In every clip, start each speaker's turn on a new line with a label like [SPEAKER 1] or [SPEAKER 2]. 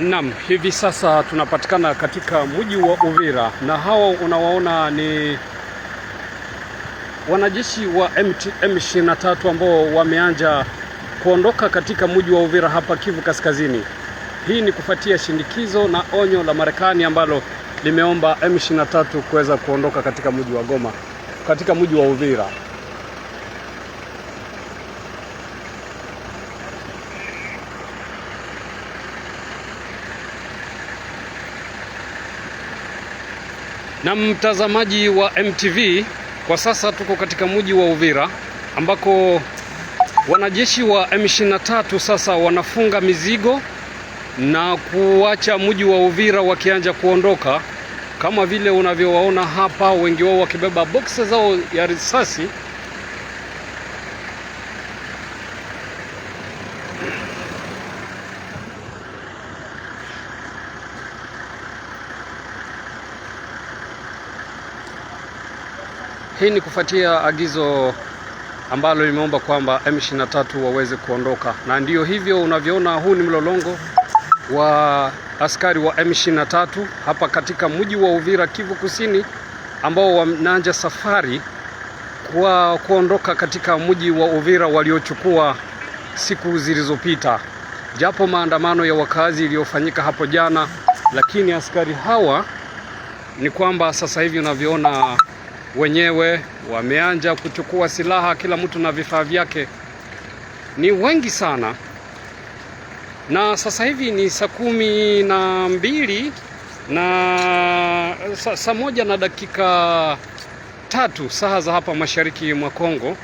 [SPEAKER 1] Naam, hivi sasa tunapatikana katika mji wa Uvira na hawa unawaona ni wanajeshi wa M23 ambao wameanza kuondoka katika mji wa Uvira hapa Kivu Kaskazini. Hii ni kufuatia shinikizo na onyo la Marekani ambalo limeomba M23 kuweza kuondoka katika mji wa Goma, katika mji wa Uvira. Na mtazamaji wa MTV, kwa sasa tuko katika mji wa Uvira ambako wanajeshi wa M23 sasa wanafunga mizigo na kuacha mji wa Uvira wakianja kuondoka, kama vile unavyowaona hapa, wengi wao wakibeba boksi zao ya risasi Hii ni kufuatia agizo ambalo limeomba kwamba M23 waweze kuondoka, na ndiyo hivyo unavyoona, huu ni mlolongo wa askari wa M23 hapa katika mji wa Uvira, Kivu Kusini, ambao wanaanza safari kwa kuondoka katika mji wa Uvira waliochukua siku zilizopita, japo maandamano ya wakazi iliyofanyika hapo jana, lakini askari hawa ni kwamba sasa hivi unavyoona wenyewe wameanja kuchukua silaha, kila mtu na vifaa vyake, ni wengi sana. Na sasa hivi ni saa kumi na mbili na saa moja na dakika tatu, saa za hapa mashariki mwa Kongo.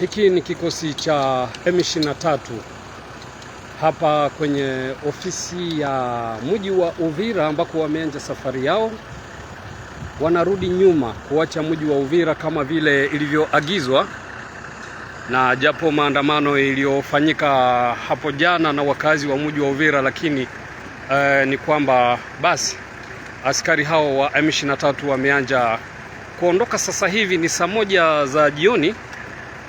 [SPEAKER 1] Hiki ni kikosi cha M23 hapa kwenye ofisi ya mji wa Uvira ambako wameanza safari yao, wanarudi nyuma kuacha mji wa Uvira kama vile ilivyoagizwa na japo maandamano iliyofanyika hapo jana na wakazi wa mji wa Uvira, lakini eh, ni kwamba basi askari hao wa M23 wameanza kuondoka sasa hivi. Ni saa moja za jioni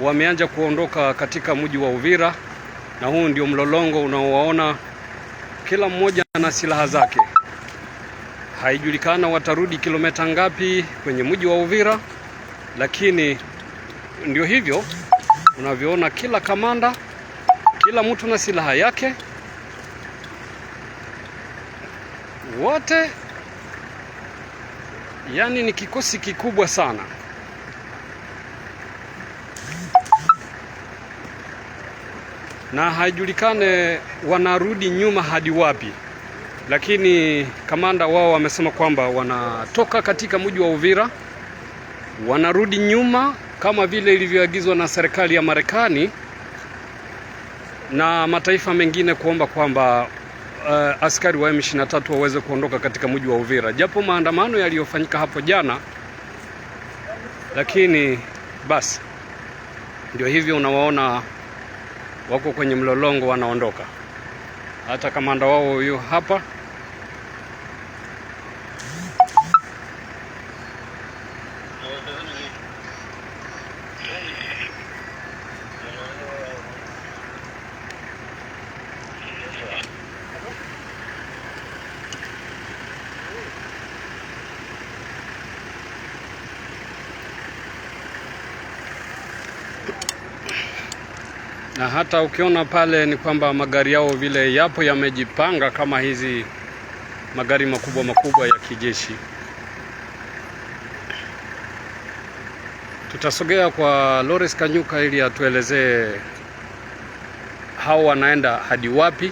[SPEAKER 1] wameanza kuondoka katika mji wa Uvira, na huu ndio mlolongo unaowaona, kila mmoja na silaha zake. Haijulikana watarudi kilomita ngapi kwenye mji wa Uvira, lakini ndio hivyo unavyoona, kila kamanda, kila mtu na silaha yake, wote. Yani ni kikosi kikubwa sana. na haijulikane wanarudi nyuma hadi wapi, lakini kamanda wao wamesema kwamba wanatoka katika mji wa Uvira wanarudi nyuma kama vile ilivyoagizwa na serikali ya Marekani na mataifa mengine kuomba kwamba uh, askari wa M23 waweze kuondoka katika mji wa Uvira, japo maandamano yaliyofanyika hapo jana, lakini basi ndio hivyo unawaona wako kwenye mlolongo, wanaondoka. Hata kamanda wao huyu hapa na hata ukiona pale ni kwamba magari yao vile yapo yamejipanga kama hizi magari makubwa makubwa ya kijeshi. Tutasogea kwa Lawrence Kanyuka ili atuelezee hao wanaenda hadi wapi.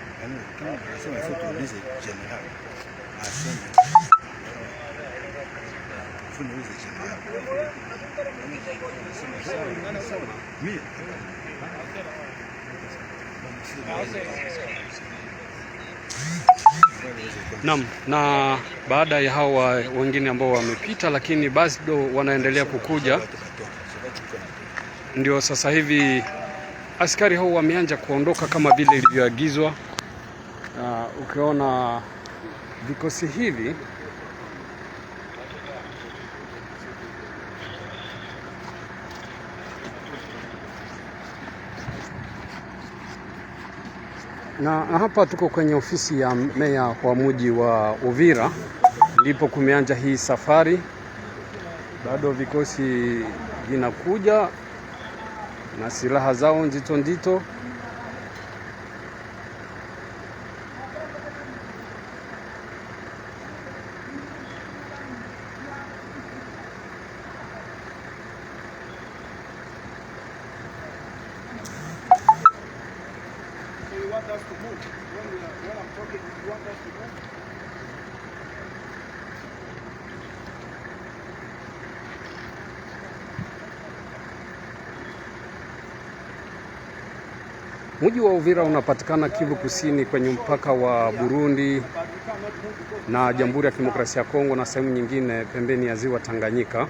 [SPEAKER 1] nam Naam, na baada ya hawa wengine ambao wamepita, lakini bado wanaendelea kukuja, ndio sasa hivi askari hao wameanza kuondoka kama vile ilivyoagizwa ukiona vikosi hivi na, na hapa tuko kwenye ofisi ya meya wa mji wa Uvira ndipo kumeanza hii safari. Bado vikosi vinakuja na silaha zao nzito nzito. Mji wa Uvira unapatikana Kivu Kusini kwenye mpaka wa Burundi na Jamhuri ya Kidemokrasia ya Kongo na sehemu nyingine pembeni ya Ziwa Tanganyika.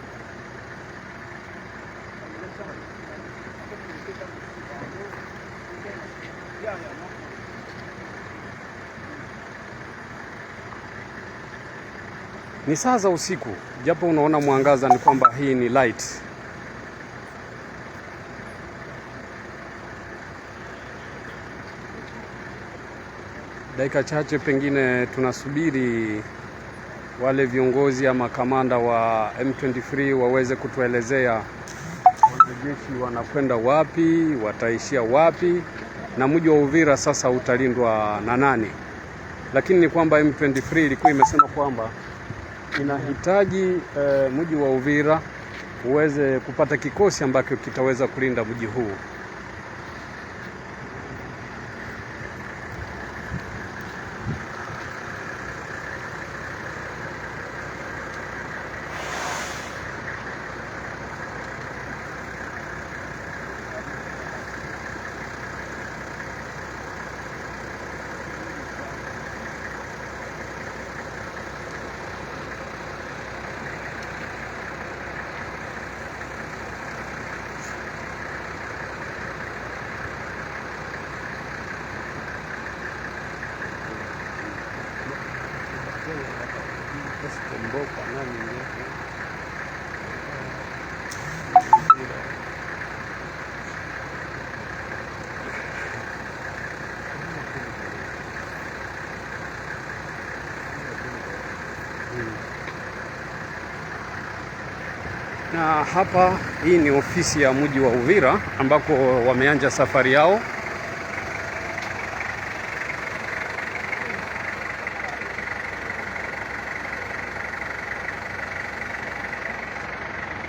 [SPEAKER 1] Ni saa za usiku, japo unaona mwangaza ni kwamba hii ni light. Dakika chache pengine tunasubiri wale viongozi ama kamanda wa M23 waweze kutuelezea wanajeshi wanakwenda wapi, wataishia wapi na mji wa Uvira sasa utalindwa na nani. Lakini ni kwamba M23 ilikuwa imesema kwamba inahitaji e, mji wa Uvira uweze kupata kikosi ambacho kitaweza kulinda mji huu. sitomboka nani na hapa, hii ni ofisi ya mji wa Uvira ambako wameanza safari yao.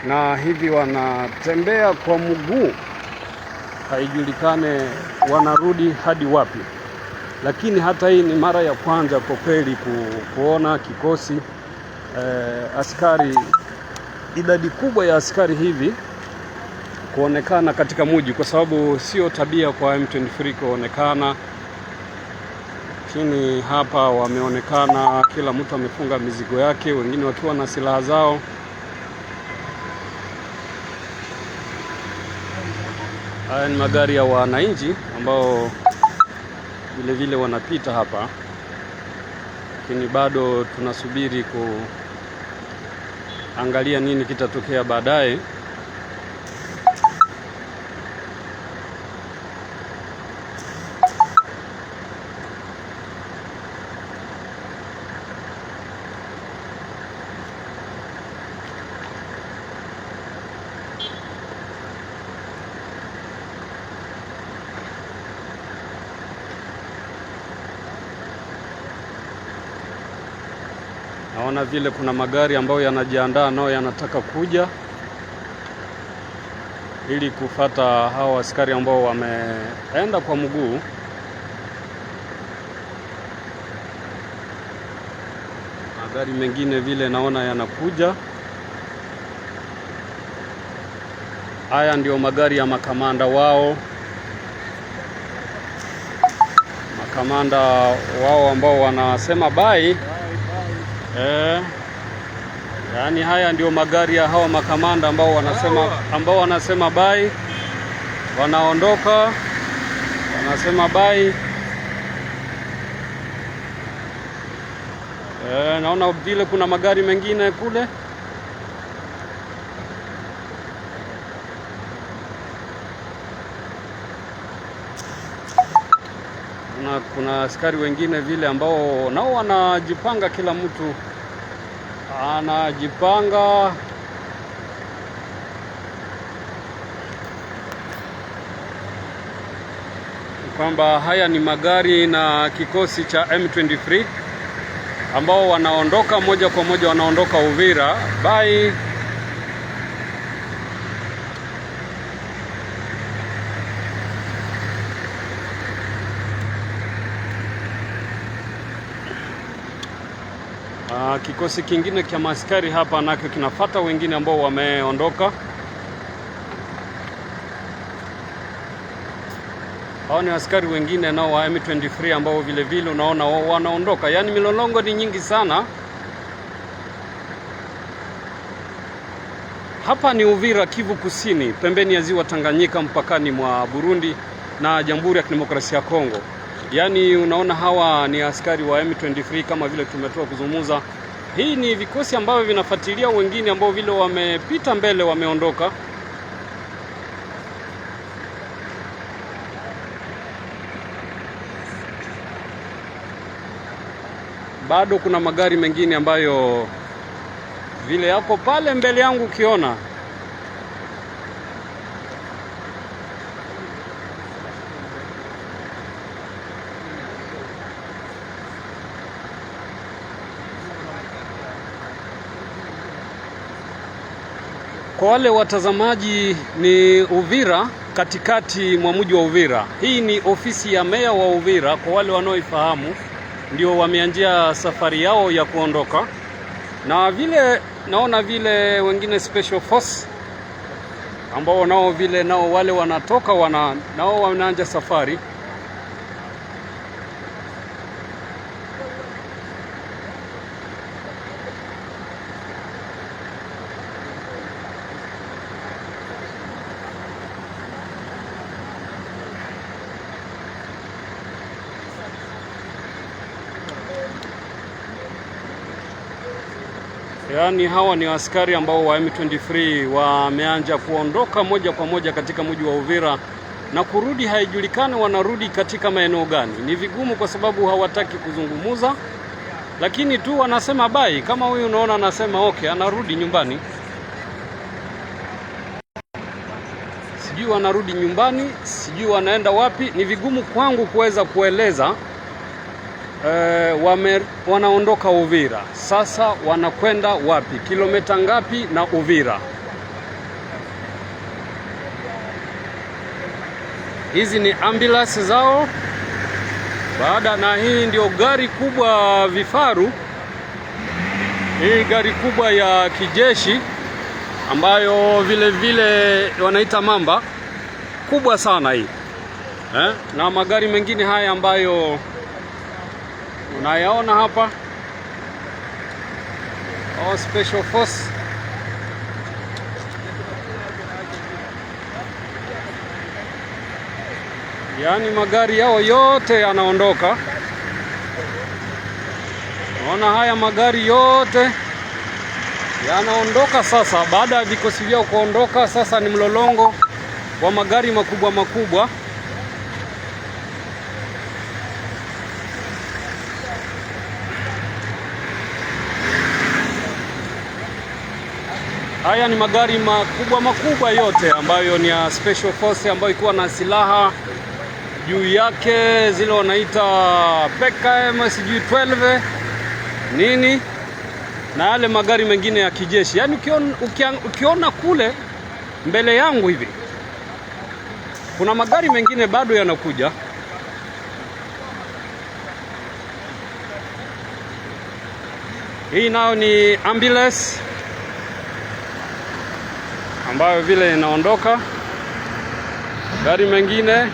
[SPEAKER 1] na hivi wanatembea kwa mguu, haijulikane wanarudi hadi wapi. Lakini hata hii ni mara ya kwanza kwa kweli ku, kuona kikosi eh, askari idadi kubwa ya askari hivi kuonekana katika muji, kwa sababu sio tabia kwa M23 kuonekana chini. Hapa wameonekana kila mtu amefunga mizigo yake, wengine wakiwa na silaha zao. Haya ni magari ya wananchi ambao vile vile wanapita hapa, lakini bado tunasubiri kuangalia nini kitatokea baadaye. Naona vile kuna magari ambayo yanajiandaa nao yanataka kuja ili kufata hawa askari ambao wameenda kwa mguu. Magari mengine vile naona yanakuja. Haya ndio magari ya makamanda wao, makamanda wao ambao wanasema bai eh, yaani haya ndio magari ya hawa makamanda ambao wanasema, ambao wanasema bai, wanaondoka wanasema bai. Eh, naona vile kuna magari mengine kule. na kuna askari wengine vile ambao nao wanajipanga, kila mtu anajipanga kwamba haya ni magari na kikosi cha M23 ambao wanaondoka moja kwa moja, wanaondoka Uvira bye. kikosi kingine cha maskari hapa nacho kinafata wengine ambao wameondoka. Hao ni askari wengine nao wa M23 ambao vile vile unaona wanaondoka, yaani milolongo ni nyingi sana. Hapa ni Uvira, Kivu Kusini, pembeni ya ziwa Tanganyika, mpakani mwa Burundi na Jamhuri ya Kidemokrasia ya Kongo. Yaani unaona hawa ni askari wa M23 kama vile tumetoa kuzungumza. Hii ni vikosi ambavyo vinafuatilia wengine ambao vile wamepita mbele wameondoka. Bado kuna magari mengine ambayo vile yako pale mbele yangu ukiona Kwa wale watazamaji ni Uvira, katikati mwa mji wa Uvira. Hii ni ofisi ya meya wa Uvira, kwa wale wanaoifahamu ndio wameanzia safari yao ya kuondoka, na vile naona vile wengine special force ambao nao vile nao wale wanatoka wana, nao wanaanza safari. Yaani hawa ni askari ambao wa M23 wameanza kuondoka moja kwa moja katika mji wa Uvira na kurudi, haijulikani wanarudi katika maeneo gani. Ni vigumu kwa sababu hawataki kuzungumuza, lakini tu wanasema bai. Kama huyu unaona anasema okay, anarudi nyumbani, sijui wanarudi nyumbani, sijui wanaenda wapi. Ni vigumu kwangu kuweza kueleza Eh, wame, wanaondoka Uvira sasa, wanakwenda wapi? Kilomita ngapi na Uvira? Hizi ni ambulance zao baada, na hii ndio gari kubwa vifaru, hii gari kubwa ya kijeshi ambayo vile vile wanaita mamba kubwa sana hii eh? na magari mengine haya ambayo unayaona hapa au oh, special force yaani magari yao yote yanaondoka. Naona haya magari yote yanaondoka sasa. Baada ya vikosi vyao kuondoka, sasa ni mlolongo wa magari makubwa makubwa. Haya ni magari makubwa makubwa yote ambayo ni ya special force ambayo ilikuwa na silaha juu yake, zile wanaita PKM sijui 12 nini na yale magari mengine ya kijeshi. Yaani ukiona, ukiona kule mbele yangu hivi kuna magari mengine bado yanakuja. Hii nayo ni ambulance ambayo vile inaondoka gari mengine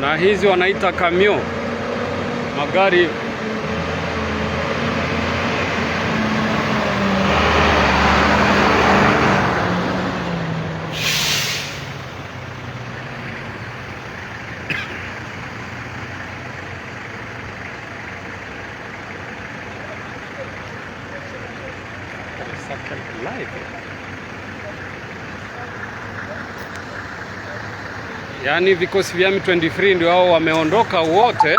[SPEAKER 1] na hizi wanaita kamio magari live. Yaani vikosi vya M23 ndio hao wameondoka wote.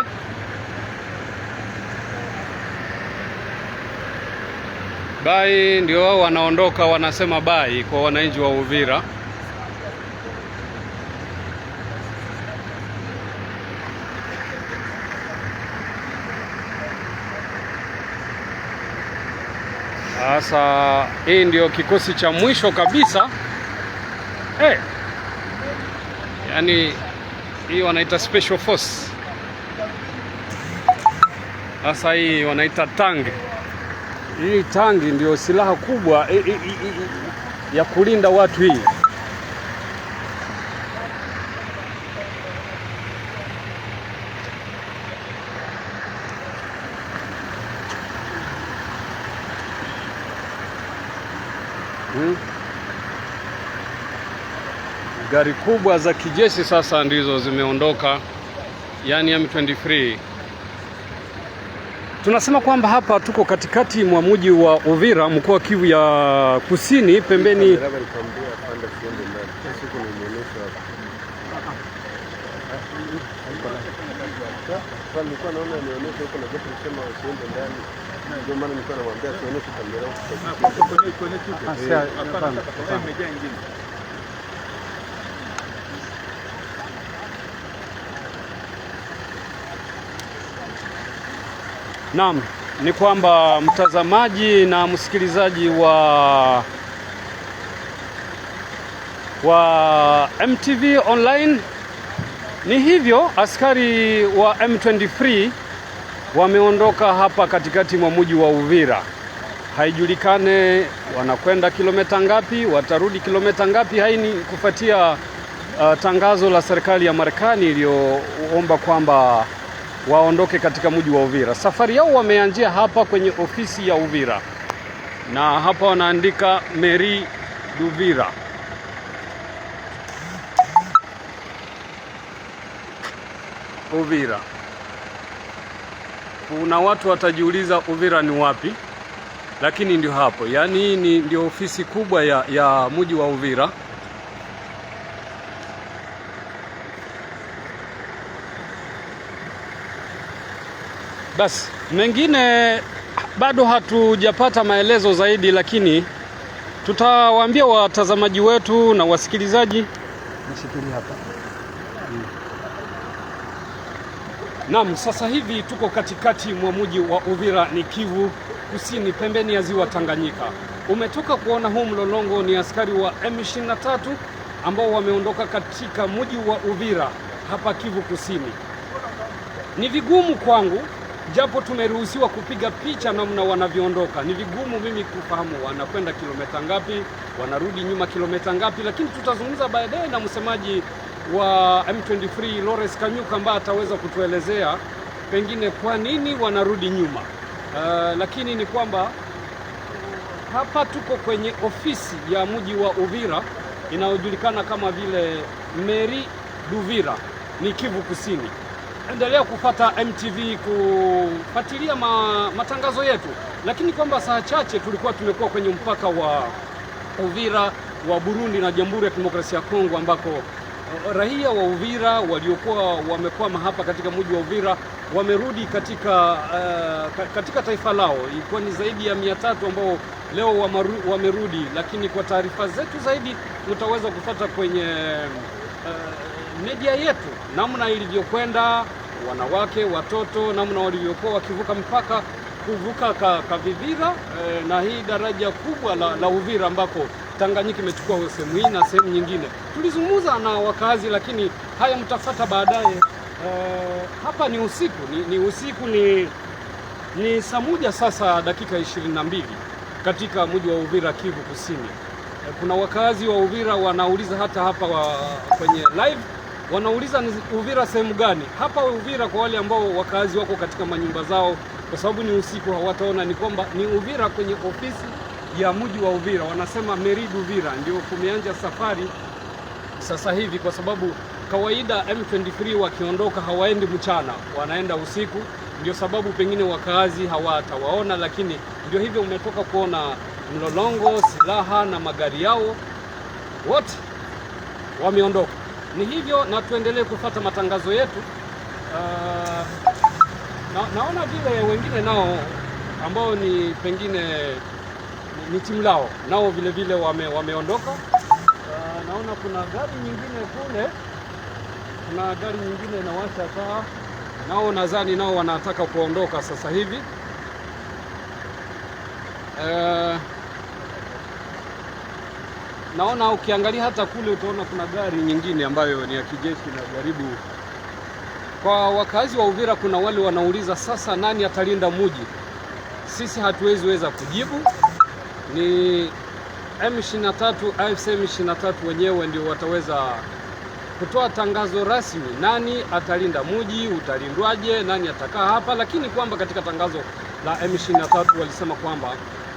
[SPEAKER 1] Bai ndio wao wanaondoka, wanasema bai kwa wananchi wa Uvira. Sasa hii ndio kikosi cha mwisho kabisa hey. Eh, yaani hii wanaita special force, sasa hii wanaita tangi. Hii tangi ndio silaha kubwa i, i, i, ya kulinda watu hii hmm? Gari kubwa za kijeshi sasa ndizo zimeondoka, yaani M23. Tunasema kwamba hapa tuko katikati mwa mji wa Uvira, mkoa wa Kivu ya Kusini, pembeni Ah, ah, Naam, ni kwamba mtazamaji na msikilizaji wa wa MTV Online, ni hivyo askari wa M23 wameondoka hapa katikati mwa mji wa Uvira. Haijulikane wanakwenda kilomita ngapi, watarudi kilomita ngapi. haini ni kufuatia uh, tangazo la serikali ya Marekani iliyoomba kwamba waondoke katika mji wa Uvira. Safari yao wameanzia hapa kwenye ofisi ya Uvira, na hapa wanaandika Meri Duvira. Uvira kuna watu watajiuliza Uvira ni wapi, lakini ndio hapo. Yaani hii ni ndio ofisi kubwa ya, ya mji wa Uvira. Basi mengine bado hatujapata maelezo zaidi, lakini tutawaambia watazamaji wetu na wasikilizaji. Nishikilie hapa. Naam, sasa hivi tuko katikati mwa mji wa Uvira ni Kivu Kusini, pembeni ya ziwa Tanganyika. Umetoka kuona huu mlolongo ni askari wa M23 ambao wameondoka katika mji wa Uvira hapa Kivu Kusini. Ni vigumu kwangu, japo tumeruhusiwa kupiga picha namna wanavyoondoka, ni vigumu mimi kufahamu wanakwenda kilomita ngapi, wanarudi nyuma kilomita ngapi, lakini tutazungumza baadaye na msemaji wa M23 Lawrence Kanyuka ambaye ataweza kutuelezea pengine kwa nini wanarudi nyuma. Uh, lakini ni kwamba hapa tuko kwenye ofisi ya mji wa Uvira inayojulikana kama vile Meri Duvira, ni Kivu Kusini. Endelea kupata MTV kufuatilia ma, matangazo yetu, lakini kwamba saa chache tulikuwa tumekuwa kwenye mpaka wa Uvira wa Burundi na Jamhuri ya Kidemokrasia ya Kongo ambako raia wa Uvira waliokuwa wamekwama hapa katika mji wa Uvira wamerudi katika, uh, katika taifa lao. Ilikuwa ni zaidi ya mia tatu ambao leo wamerudi, lakini kwa taarifa zetu zaidi tutaweza kupata kwenye uh, media yetu namna ilivyokwenda, wanawake, watoto, namna walivyokuwa wakivuka mpaka kuvuka ka, ka Vivira eh, na hii daraja kubwa la, la Uvira ambako Tanganyika imechukua sehemu hii na sehemu nyingine. Tulizungumza na wakazi, lakini haya mtafata baadaye. Uh, hapa ni usiku ni, ni usiku ni ni saa moja sasa dakika ishirini na mbili katika mji wa Uvira, Kivu Kusini. Eh, kuna wakazi wa Uvira wanauliza hata hapa wa, kwenye live wanauliza ni Uvira sehemu gani? Hapa Uvira kwa wale ambao wakazi wako katika manyumba zao, kwa sababu ni usiku hawataona, ni kwamba ni Uvira kwenye ofisi ya mji wa Uvira, wanasema Meridu Uvira, ndio kumeanza safari sasa hivi, kwa sababu kawaida M23 wakiondoka hawaendi mchana, wanaenda usiku. Ndio sababu pengine wakaazi hawatawaona, lakini ndio hivyo, umetoka kuona mlolongo, silaha na magari yao, wote wameondoka. Ni hivyo, na tuendelee kufuata matangazo yetu. Uh, na, naona vile wengine nao ambao ni pengine ni timu lao nao vile vile wame, wameondoka. Uh, naona kuna gari nyingine kule, kuna gari nyingine inawasha taa, nao nadhani nao wanataka kuondoka sasa hivi. Uh, naona ukiangalia hata kule utaona kuna gari nyingine ambayo ni ya kijeshi inajaribu. Kwa wakazi wa Uvira, kuna wale wanauliza sasa, nani atalinda muji? Sisi hatuwezi weza kujibu ni M23 AFC M23 wenyewe ndio wataweza kutoa tangazo rasmi, nani atalinda muji, utalindwaje, nani atakaa hapa. Lakini kwamba katika tangazo la M23 walisema kwamba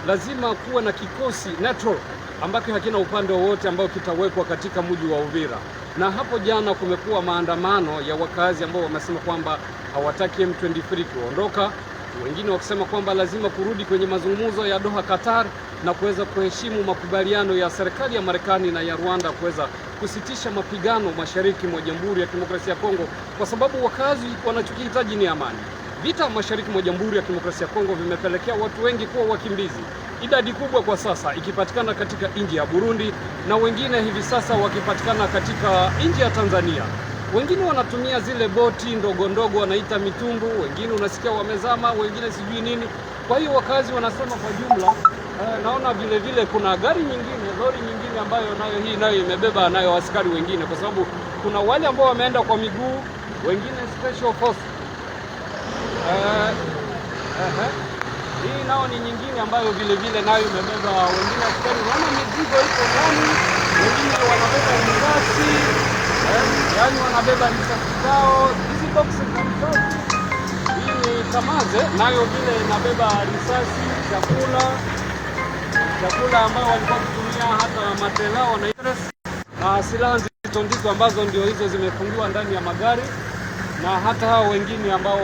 [SPEAKER 1] lazima kuwe na kikosi NATO ambacho hakina upande wowote ambao kitawekwa katika mji wa Uvira. Na hapo jana kumekuwa maandamano ya wakazi ambao wamesema kwamba hawataki M23 kuondoka, wengine wakisema kwamba lazima kurudi kwenye mazungumzo ya Doha Qatar na kuweza kuheshimu makubaliano ya serikali ya Marekani na ya Rwanda kuweza kusitisha mapigano mashariki mwa Jamhuri ya Kidemokrasia ya Kongo, kwa sababu wakazi wanachokihitaji ni amani. Vita mashariki mwa Jamhuri ya Kidemokrasia ya Kongo vimepelekea watu wengi kuwa wakimbizi, idadi kubwa kwa sasa ikipatikana katika nchi ya Burundi na wengine hivi sasa wakipatikana katika nchi ya Tanzania. Wengine wanatumia zile boti ndogo ndogo wanaita mitumbu, wengine unasikia wamezama, wengine sijui nini. Kwa hiyo wakazi wanasema kwa jumla eh, naona vile vile kuna gari nyingine, lori nyingine ambayo nayo hii nayo imebeba nayo askari wengine, kwa sababu kuna wale ambao wameenda kwa miguu, wengine special force eh, eh, eh. hii nao ni nyingine ambayo vile vile nayo imebeba wengine askari, Naona mizigo iko ndani, wengine wanabeba mabasi yani wanabeba risasi zao. Hizi box za risasi hii Kamaze nayo vile inabeba risasi, chakula chakula ambao walikuwa kutumia hata matelao na na silaha nzito nzito ambazo ndio hizo zimefungiwa ndani ya magari na hata hao wengine ambao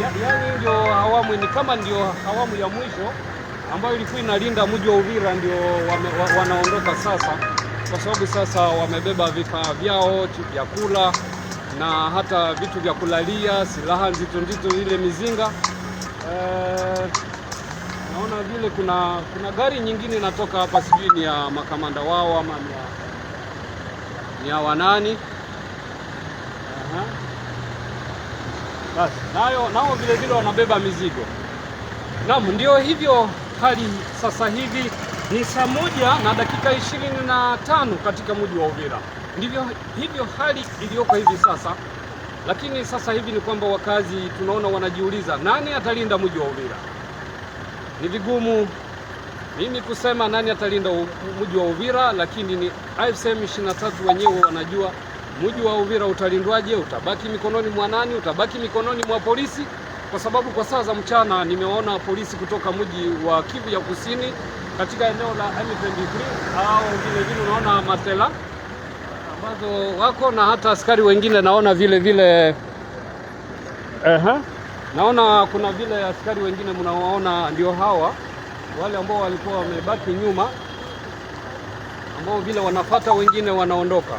[SPEAKER 1] ya, yaani ndio awamu ni kama ndio awamu ya mwisho ambayo ilikuwa inalinda mji wa Uvira ndio wame, wanaondoka sasa kwa sababu sasa wamebeba vifaa vyao, vyakula na hata vitu vya kulalia, silaha nzito nzito, ile mizinga eh, naona vile kuna kuna gari nyingine inatoka hapa, sijui ni ya makamanda wao ama ni ya wanani. Aha. Basi nayo nao vile vile wanabeba mizigo. Naam, ndio hivyo hali sasa hivi. Ni saa moja na dakika ishirini na tano katika mji wa Uvira. Ndivyo hivyo hali iliyoko hivi sasa, lakini sasa hivi ni kwamba wakazi tunaona wanajiuliza nani atalinda mji wa Uvira. Ni vigumu mimi kusema nani atalinda mji wa Uvira, lakini ni AFSM 23 wenyewe wanajua mji wa Uvira utalindwaje, utabaki mikononi mwa nani, utabaki mikononi mwa polisi, kwa sababu kwa saa za mchana nimeona polisi kutoka mji wa Kivu ya Kusini katika eneo la M23 au vilevile unaona matela ambazo wako na hata askari wengine naona vile vile Aha. Naona kuna vile askari wengine mnawaona, ndio hawa wale ambao walikuwa wamebaki nyuma, ambao vile wanafata wengine wanaondoka.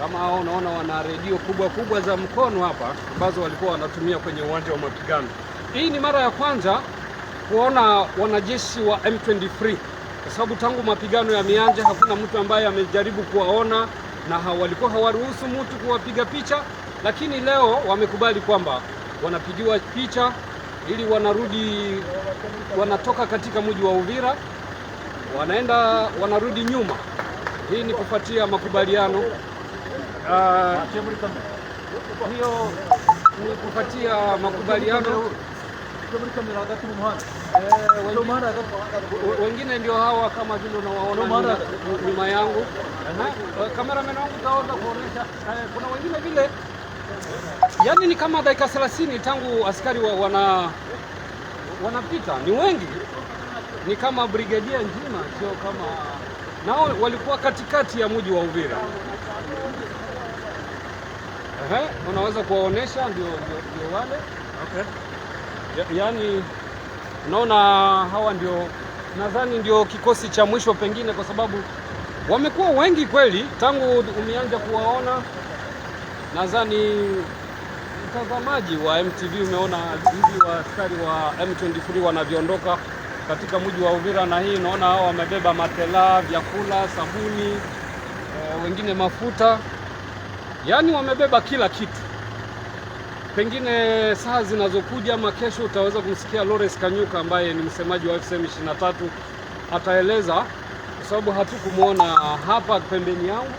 [SPEAKER 1] Kama hao unaona, wana redio kubwa kubwa za mkono hapa ambazo walikuwa wanatumia kwenye uwanja wa mapigano. Hii ni mara ya kwanza kuona wanajeshi wa M23 kwa sababu tangu mapigano yameanza hakuna mtu ambaye amejaribu kuwaona na walikuwa hawaruhusu mtu kuwapiga picha, lakini leo wamekubali kwamba wanapigiwa picha ili wanarudi, wanatoka katika mji wa Uvira wanaenda wanarudi nyuma. Hii ni kufuatia makubaliano uh, hiyo ni kufuatia makubaliano Eh, wengine ndio hawa kama vile unawaona nyuma yangu, kameramen eh, wangu kaona kuonesha. Eh, kuna wengine vile, yaani ni kama dakika 30 tangu askari wa wana wanapita, ni wengi, ni kama brigadia nzima, sio kama nao walikuwa katikati ya mji wa Uvira. Ehe, unaweza kuwaonesha, ndio ndio wale okay ya, yani naona hawa ndio nadhani ndio kikosi cha mwisho pengine, kwa sababu wamekuwa wengi kweli tangu umeanza kuwaona. Nadhani mtazamaji wa MTV umeona hivi askari wa M23 wanavyoondoka katika mji wa Uvira, na hii naona hao wamebeba matela, vyakula, sabuni, e, wengine mafuta, yaani wamebeba kila kitu. Pengine saa zinazokuja ama kesho utaweza kumsikia Lawrence Kanyuka ambaye ni msemaji wa FCM 23 ataeleza, kwa sababu hatukumwona hapa pembeni yangu.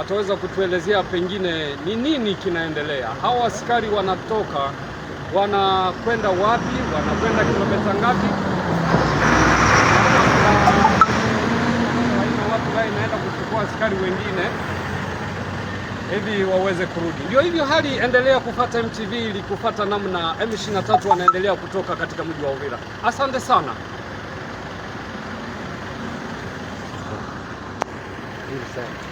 [SPEAKER 1] Ataweza kutuelezea pengine ni nini kinaendelea, hawa askari wanatoka wanakwenda wapi, wanakwenda kilomita ngapi, watu inaenda kuchukua askari wengine hivi waweze kurudi. Ndio hivyo, hali endelea kufata MTV ili kufata namna M23 wanaendelea kutoka katika mji wa Uvira. Asante sana. Asante.